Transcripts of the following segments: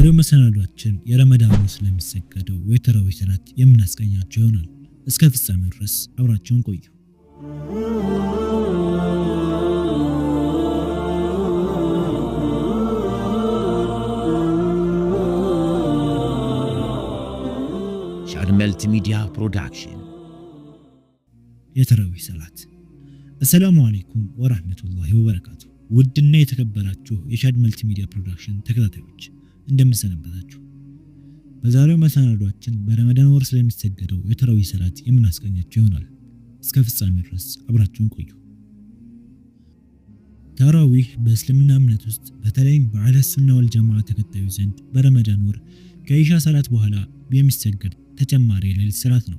በዛሬው መሰናዷችን የረመዳን ስለሚሰገደው የተራዊህ ሰላት የምናስቀኛቸው ይሆናል። እስከ ፍጻሜው ድረስ አብራቸውን ቆዩ። ሻድ ሚዲያ ፕሮዳክሽን የተራዊህ ሰላት። አሰላሙ አለይኩም ወራህመቱላሂ ወበረካቱ። ውድና የተከበራችሁ የሻድ መልቲሚዲያ ፕሮዳክሽን ተከታታዮች እንደምንሰነበታችሁ። በዛሬው መሰናዷችን በረመዳን ወር ስለሚሰገደው የተራዊ ሰላት የምናስቀኛችሁ ይሆናል። እስከ ፍጻሜ ድረስ አብራችሁን ቆዩ። ተራዊህ በእስልምና እምነት ውስጥ በተለይም በአህለ ሱና ወልጀማ ተከታዩ ተከታዮች ዘንድ በረመዳን ወር ከኢሻ ሰላት በኋላ የሚሰገድ ተጨማሪ የሌሊት ሰላት ነው።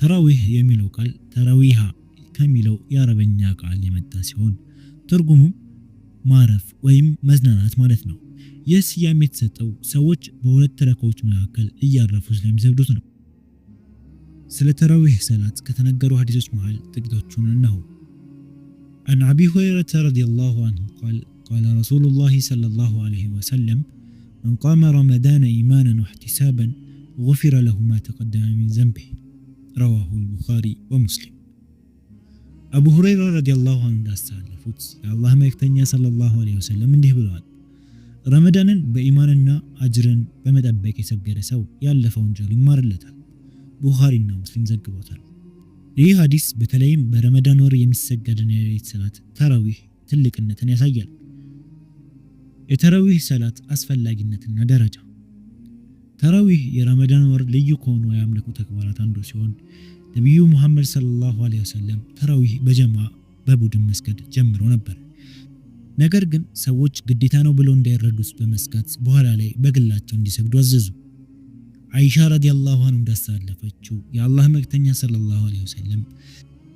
ተራዊህ የሚለው ቃል ተራዊሃ ከሚለው የአረበኛ ቃል የመጣ ሲሆን ትርጉሙም ማረፍ ወይም መዝናናት ማለት ነው። ይህ ስያሜ የተሰጠው ሰዎች በሁለት ተረካዎች መካከል እያረፉ ስለሚሰግዱት ነው። ስለ ተራዊህ ሰላት ከተነገሩ ሀዲሶች መሃል ጥቂቶቹን እነሆ። عن أبي هريرة رضي الله عنه قال قال رسول الله صلى الله عليه وسلم من قام رمضان إيمانا واحتسابا غفر له ما تقدم من ذنبه رواه البخاري ومسلم አቡ ሁረይራ ረዲያላሁ አንሁ እንዳስተላለፉት የአላህ መልእክተኛ ሰለላሁ ዐለይሂ ወሰለም እንዲህ ብለዋል። ረመዳንን በኢማንና አጅርን በመጠበቅ የሰገደ ሰው ያለፈው ወንጀሉ ይማርለታል። ቡኻሪና ሙስሊም ዘግቦታል። ይህ ሀዲስ በተለይም በረመዳን ወር የሚሰገድን የሌሊት ሰላት ተራዊህ ትልቅነትን ያሳያል። የተራዊህ ሰላት አስፈላጊነትና ደረጃ ተራዊህ የረመዳን ወር ልዩ ከሆኑ የአምልኮ ተግባራት አንዱ ሲሆን ነቢዩ ሙሐመድ ሰለላሁ ዐለይሂ ወሰለም ተራዊህ በጀማ በቡድን መስገድ ጀምሮ ነበር። ነገር ግን ሰዎች ግዴታ ነው ብለው እንዳይረዱት በመስጋት በኋላ ላይ በግላቸው እንዲሰግዱ አዘዙ። አይሻ ረዲየላሁ ዐንሁ እንዳስተላለፈችው የአላህ መልክተኛ ሰለላሁ ዐለይሂ ወሰለም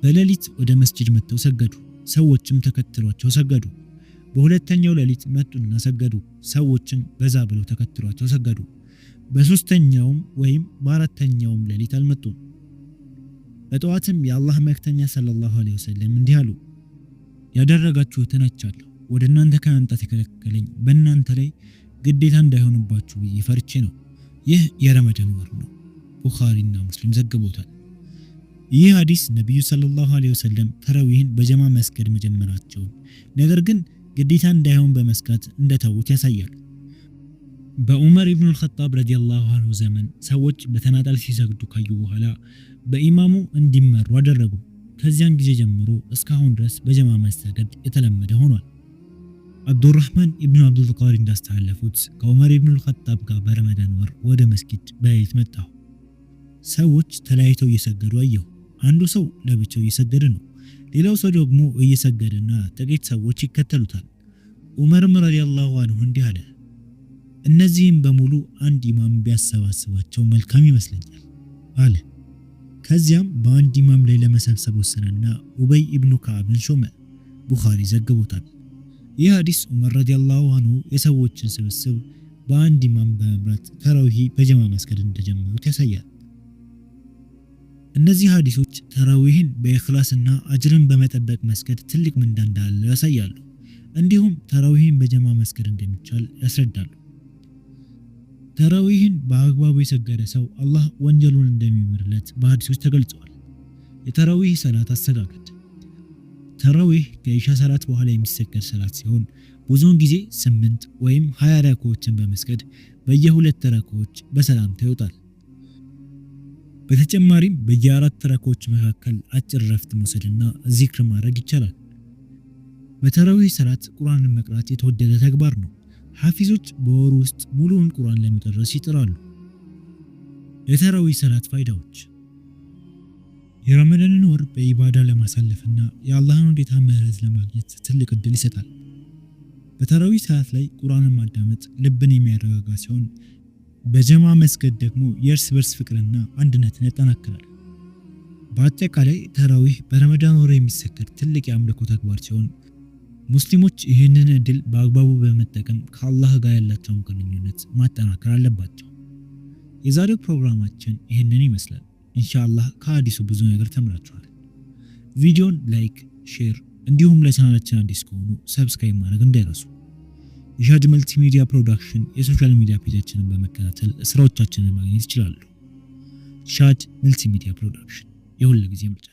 በሌሊት ወደ መስጅድ መጥተው ሰገዱ። ሰዎችም ተከትሏቸው ሰገዱ። በሁለተኛው ሌሊት መጡና ሰገዱ። ሰዎችም በዛ ብለው ተከትሏቸው ሰገዱ። በሶስተኛውም ወይም በአራተኛውም ሌሊት አልመጡም። በጠዋትም የአላህ መልእክተኛ ሰለላሁ ዐለይሂ ወሰለም እንዲህ አሉ፣ ያደረጋችሁትን አይቻለሁ። ወደ እናንተ ከመምጣት የከለከለኝ በእናንተ ላይ ግዴታ እንዳይሆንባችሁ ብዬ ፈርቼ ነው። ይህ የረመዳን ወር ነው። ቡኻሪና ሙስሊም ዘግቦታል። ይህ ሐዲስ ነቢዩ ሰለላሁ ዐለይሂ ወሰለም ተረዊህን በጀማ መስገድ መጀመራቸውን ነገር ግን ግዴታ እንዳይሆን በመስጋት እንደተዉት ያሳያል። በዑመር ኢብኑ አልኸጣብ ረዲየላሁ አንሁ ዘመን ሰዎች በተናጠል ሲሰግዱ ካዩ በኋላ በኢማሙ እንዲመሩ አደረጉ። ከዚያን ጊዜ ጀምሮ እስካሁን ድረስ በጀማ መሰገድ የተለመደ ሆኗል። አብዱራህማን ኢብኑ አብዱልቃሪ እንዳስተላለፉት ከዑመር ኢብኑ አልኸጣብ ጋር በረመዳን ወር ወደ መስጊድ በሌሊት መጣሁ። ሰዎች ተለያይተው እየሰገዱ አየሁ። አንዱ ሰው ለብቻው እየሰገደ ነው፣ ሌላው ሰው ደግሞ እየሰገደና ጥቂት ሰዎች ይከተሉታል። ዑመርም ረዲየላሁ አንሁ እንዲህ አለ እነዚህም በሙሉ አንድ ኢማም ቢያሰባስባቸው መልካም ይመስለኛል አለ። ከዚያም በአንድ ኢማም ላይ ለመሰብሰብ ወሰነና ኡበይ ኢብኑ ከዓብን ሾመ። ቡኻሪ ዘግቦታል። ይህ ሐዲስ ዑመር ረዲያላሁ አንሁ የሰዎችን ስብስብ በአንድ ኢማም በመምራት ተራዊሂ በጀማ መስገድ እንደጀመሩት ያሳያል። እነዚህ ሐዲሶች ተራዊህን በእኽላስና አጅርን በመጠበቅ መስገድ ትልቅ ምንዳ እንዳለው ያሳያሉ። እንዲሁም ተራዊህን በጀማ መስገድ እንደሚቻል ያስረዳሉ። ተራዊህን በአግባቡ የሰገደ ሰው አላህ ወንጀሉን እንደሚምርለት በሐዲሶች ተገልጸዋል። የተራዊህ ሰላት አሰጋገድ ተራዊህ ከኢሻ ሰላት በኋላ የሚሰገድ ሰላት ሲሆን ብዙውን ጊዜ ስምንት ወይም ሀያ ረኮዎችን በመስገድ በየሁለት ረኮዎች በሰላምታ ይወጣል። በተጨማሪም በየአራት ረኮዎች መካከል አጭር ረፍት መውሰድና ዚክር ማድረግ ይቻላል። በተራዊህ ሰላት ቁርአንን መቅራት የተወደደ ተግባር ነው። ሐፊዞች በወሩ ውስጥ ሙሉውን ቁርአን ለመጨረስ ይጥራሉ። የተራዊህ ሰላት ፋይዳዎች የረመዳንን ወር በኢባዳ ለማሳለፍና የአላህን ወዴታ ምህረት ለማግኘት ትልቅ እድል ይሰጣል። በተራዊህ ሰላት ላይ ቁርአንን ማዳመጥ ልብን የሚያረጋጋ ሲሆን፣ በጀማ መስገድ ደግሞ የእርስ በርስ ፍቅርና አንድነትን ያጠናክራል። በአጠቃላይ ተራዊህ በረመዳን ወር የሚሰገድ ትልቅ የአምልኮ ተግባር ሲሆን ሙስሊሞች ይህንን እድል በአግባቡ በመጠቀም ከአላህ ጋር ያላቸውን ግንኙነት ማጠናከር አለባቸው። የዛሬው ፕሮግራማችን ይህንን ይመስላል። እንሻአላህ ከአዲሱ ብዙ ነገር ተምራችኋል። ቪዲዮን ላይክ፣ ሼር እንዲሁም ለቻናላችን አዲስ ከሆኑ ሰብስክራይብ ማድረግ እንዳይረሱ። የሻድ መልቲ ሚዲያ ፕሮዳክሽን የሶሻል ሚዲያ ፔጃችንን በመከታተል ስራዎቻችንን ማግኘት ይችላሉ። ሻድ መልቲ ሚዲያ ፕሮዳክሽን የሁለ ጊዜ ምርጫ